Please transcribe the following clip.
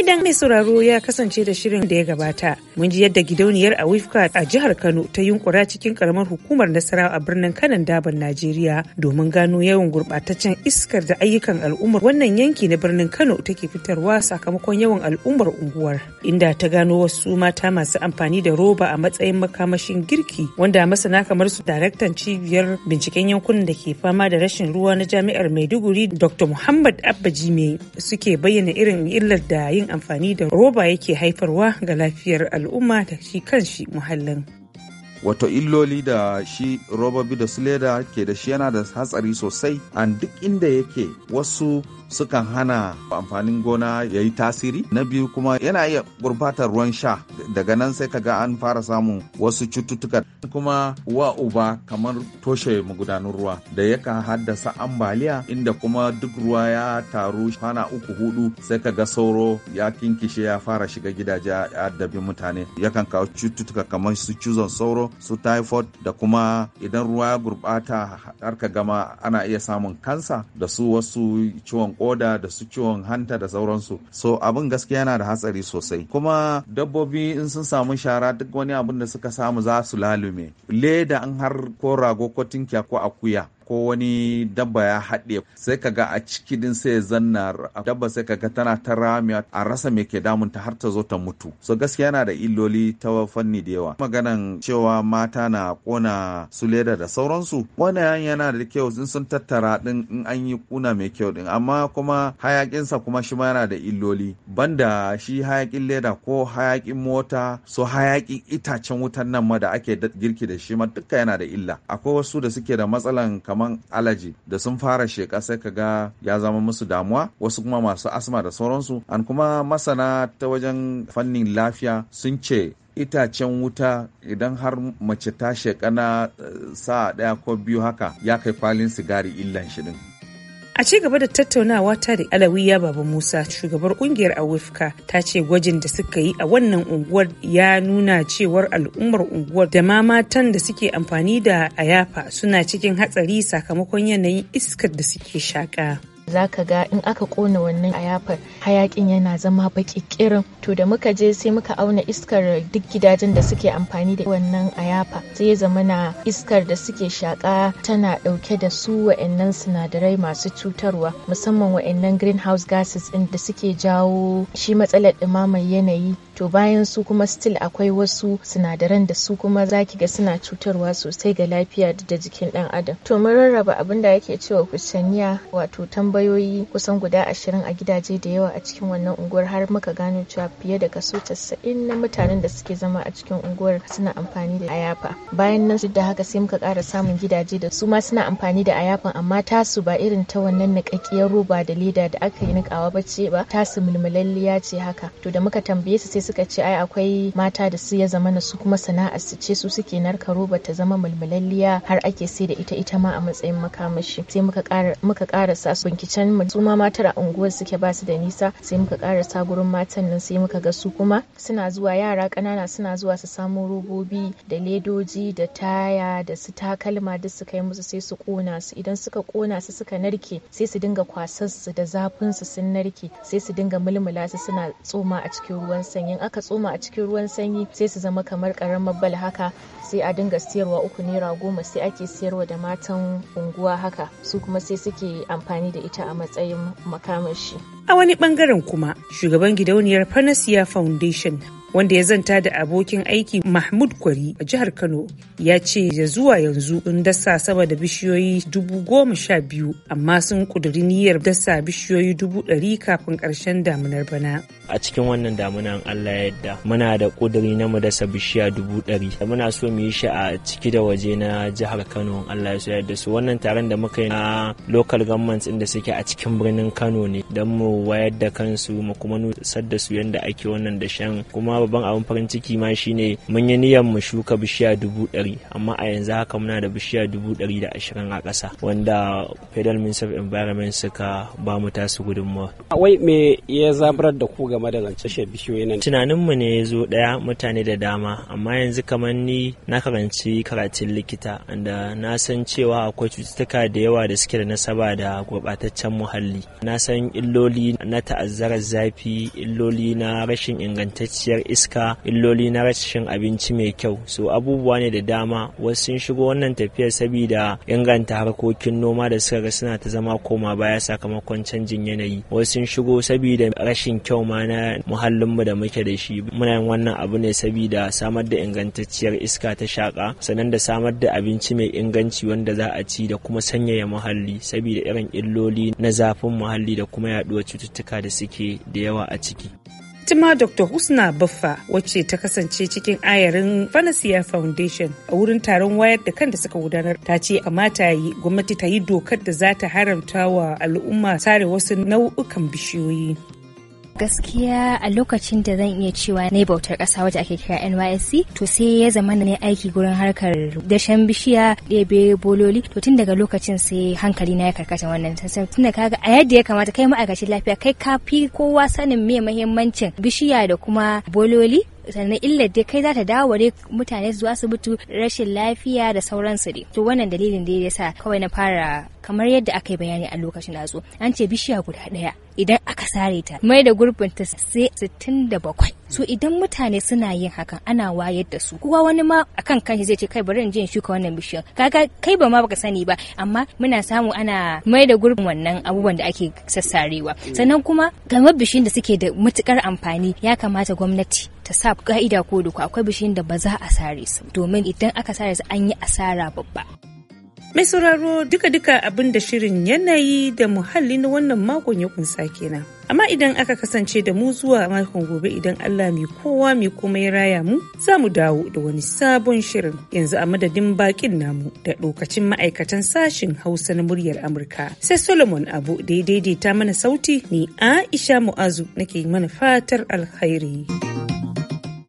Idan mai sauraro ya kasance da shirin da ya gabata, mun ji yadda gidauniyar Awifka a jihar Kano ta yunkura cikin karamar hukumar Nasarawa a birnin Kanan Daban Najeriya domin gano yawan gurbataccen iskar da ayyukan al'ummar wannan yanki na birnin Kano take fitarwa sakamakon yawan al'ummar unguwar, inda ta gano wasu mata masu amfani da roba a matsayin makamashin girki wanda masana kamar su daraktan cibiyar binciken yankunan da ke fama da rashin ruwa na jami'ar Maiduguri Dr. Muhammad Abba Jime suke bayyana irin illar da yin amfani da roba yake haifarwa ga lafiyar al'umma da shi kanshi muhallin. wato illoli da shi robobi da su leda ke da shi yana da hatsari sosai an duk inda yake wasu sukan hana amfanin gona ya yi tasiri na biyu kuma yana iya gurbatar ruwan sha daga nan sai kaga an fara samun wasu cututtuka kuma wa uba kamar toshe magudanun ruwa da yakan haddasa ambaliya inda kuma duk ruwa ya taru kwana uku hudu sai kaga sauro ya kinkishe ya fara shiga gidaje ya dabi mutane yakan kawo cututtuka kamar su cizon sauro su typhoid da kuma idan ruwa ya gurɓata har ka gama ana iya samun kansa da su wasu ciwon koda da su ciwon hanta da sauransu so abin gaskiya yana da hatsari sosai kuma dabbobi in sun samu shara duk wani abin da suka samu za su lalume leda an har ko rago ko tinkiya ko akuya ko wani dabba ya haɗe sai ka ga a ciki din sai ya zanna dabba sai ka ga tana ta rami a rasa me ke damunta har ta zo ta mutu so gaskiya yana da illoli ta fanni da yawa maganan cewa mata na kona su leda da sauransu wannan yana da kyau in sun tattara din in an yi kuna mai kyau din amma kuma hayakinsa kuma shi ma yana da illoli banda shi hayakin leda ko hayakin mota so hayakin itacen wutan nan ma da ake girki da shi ma duka yana da illa akwai wasu da suke da matsalan kamar zaman alaji da sun fara sheka sai ka ga ya zama musu damuwa wasu kuma masu asma da sauransu an kuma masana ta wajen fannin lafiya sun ce itacen wuta idan har mace ta sheka na eh, sa ɗaya ko biyu haka ya kai kwalin sigari illan shi din. A ci gaba da tattaunawa ta da Alawiya Baba Musa shugabar kungiyar Awifka ta ce gwajin da suka yi a wannan unguwar ya nuna cewar al'ummar unguwar da ma matan da suke amfani da ayafa suna cikin hatsari sakamakon yanayin iskar da suke shaka. za ka ga in aka kona wannan ayafar hayakin yana zama baki kirin to da muka je sai muka auna iskar duk gidajen da suke amfani da wannan ayafa sai ya zama na iskar da suke shaka tana dauke da su wa'annan sinadarai masu cutarwa musamman wa'annan greenhouse gases din da suke jawo shi matsalar ɗumamar yanayi to bayan su kuma still akwai wasu sinadaran da su kuma zaki ga suna cutarwa sosai ga lafiya da jikin dan adam to mun rarraba abin da yake cewa kusanniya wato tambayoyi kusan guda ashirin a gidaje da yawa a cikin wannan unguwar har muka gano cewa fiye da kaso casa'in na mutanen da suke zama a cikin unguwar suna amfani da ayafa bayan nan da haka sai muka kara samun gidaje da su ma suna amfani da ayafan amma tasu ba irin ta wannan nikakkiyar roba da leda da aka yi niƙawa ba ce ba tasu mulmulalliya ce haka to da muka tambaye su sai suka ce ai akwai mata da su ya zama na su kuma sana'a su ce su suke narka roba ta zama mulmulalliya har ake sai da ita ita ma a matsayin makamashi sai muka ƙara muka sa su binkicen mu su ma matar a unguwar suke ba su da nisa sai muka sa gurin matan nan sai muka ga su kuma suna zuwa yara ƙanana suna zuwa su samo robobi da ledoji da taya da su takalma duk su kai musu sai su kona su idan suka kona su suka narke sai su dinga kwasar su da zafin su sun narke sai su dinga mulmula su suna tsoma a cikin ruwan sanyin aka tsoma a cikin ruwan sanyi sai su zama kamar karamar bal haka sai a dinga siyarwa uku naira goma sai ake siyarwa da matan unguwa haka su kuma sai suke amfani da ita a matsayin makamashi. A wani bangaren kuma shugaban gidauniyar Panacea Foundation wanda ya zanta da abokin aiki mahmud kwari a jihar kano ya ce ya zuwa yanzu in dasa sama da bishiyoyi dubu goma sha biyu amma sun kuduri niyyar dasa bishiyoyi dubu ɗari kafin ƙarshen damunar bana a cikin wannan damuna, allah yadda muna da kuduri na mu dasa bishiya dubu ɗari muna so mu yi shi a ciki da waje na jihar kano allah ya yadda su wannan taron da muka yi na local government inda suke a cikin birnin kano ne don mu wayar da kansu mu kuma nusar da su yadda ake wannan dashen kuma babban abin farin ciki ma shine mun yi niyyar mu shuka bishiya dubu ɗari amma a yanzu haka muna da bishiya dubu ɗari da ashirin a ƙasa wanda federal minister of environment suka ba mu tasu gudunmawa. wai me ya zaburar da ku game da zance bishiyoyi nan tunanin mu ne ya zo ɗaya mutane da dama amma yanzu kamar ni na karanci karatun likita da na san cewa akwai cututtuka da yawa da suke da nasaba da gurɓataccen muhalli na san illoli na ta'azzarar zafi illoli na rashin ingantacciyar iska illoli na rashin abinci mai kyau so abubuwa ne da dama wasu sun shigo wannan tafiyar saboda inganta harkokin noma da suka ga suna ta zama koma baya sakamakon canjin yanayi wasu sun shigo saboda rashin kyau ma na muhallin mu da muke da shi muna yin wannan abu ne saboda samar da ingantacciyar iska ta shaka sannan da samar da abinci mai inganci wanda za a ci da kuma sanyaya muhalli saboda irin illoli na zafin muhalli da kuma yaduwar cututtuka da suke da yawa a ciki. ita ma dr husna baffa wacce ta kasance cikin ayarin fanasiya foundation a wurin taron wayar da kan da suka gudanar ta ce a mata yi gwamnati ta yi dokar da za ta haramta wa al'umma sare wasu nau'ukan bishiyoyi gaskiya a lokacin da zan iya cewa na bautar ƙasa wadda ake kira nysc to sai ya zama na aiki gurin harkar dashen bishiya ɗebe bololi to tun daga lokacin sai hankali na ya karkata wannan sassan tun da kaga a yadda ya kamata kai ma'aikacin lafiya kai ka fi kowa sanin me mahimmancin bishiya da kuma bololi sannan illar dai kai za ta dawo ne mutane zuwa asibiti rashin lafiya da sauransu dai to wannan dalilin da ya sa kawai na fara kamar yadda aka yi bayani a lokacin da an ce bishiya guda ɗaya idan sare ta mai da gurbin ta sai bakwai so idan mutane suna yin hakan ana wayar da su kowa wani ma akan kanshi zai ce kai bari in je shuka wannan bishiyar kaga kai ba ma baka sani ba amma muna samu ana mai da gurbin wannan abubuwan da ake sassarewa mm. sannan kuma kamar bishiyar da suke da matukar amfani ya kamata gwamnati ta sa ka'ida ko duka akwai bishiyar da ba za a sare su domin idan aka sare su an yi asara babba Mai sauraro duka-duka abin da shirin yanayi da muhalli na wannan makon ya kunsa kenan. Amma idan aka kasance da mu zuwa makon gobe idan Allah mai kowa mai kuma ya raya mu za mu dawo da wani sabon shirin yanzu a madadin bakin namu da lokacin ma'aikatan sashin Hausa na muryar Amurka. Sai Solomon Abu da ya daidaita mana sauti ni Aisha Mu'azu nake mana fatar alkhairi.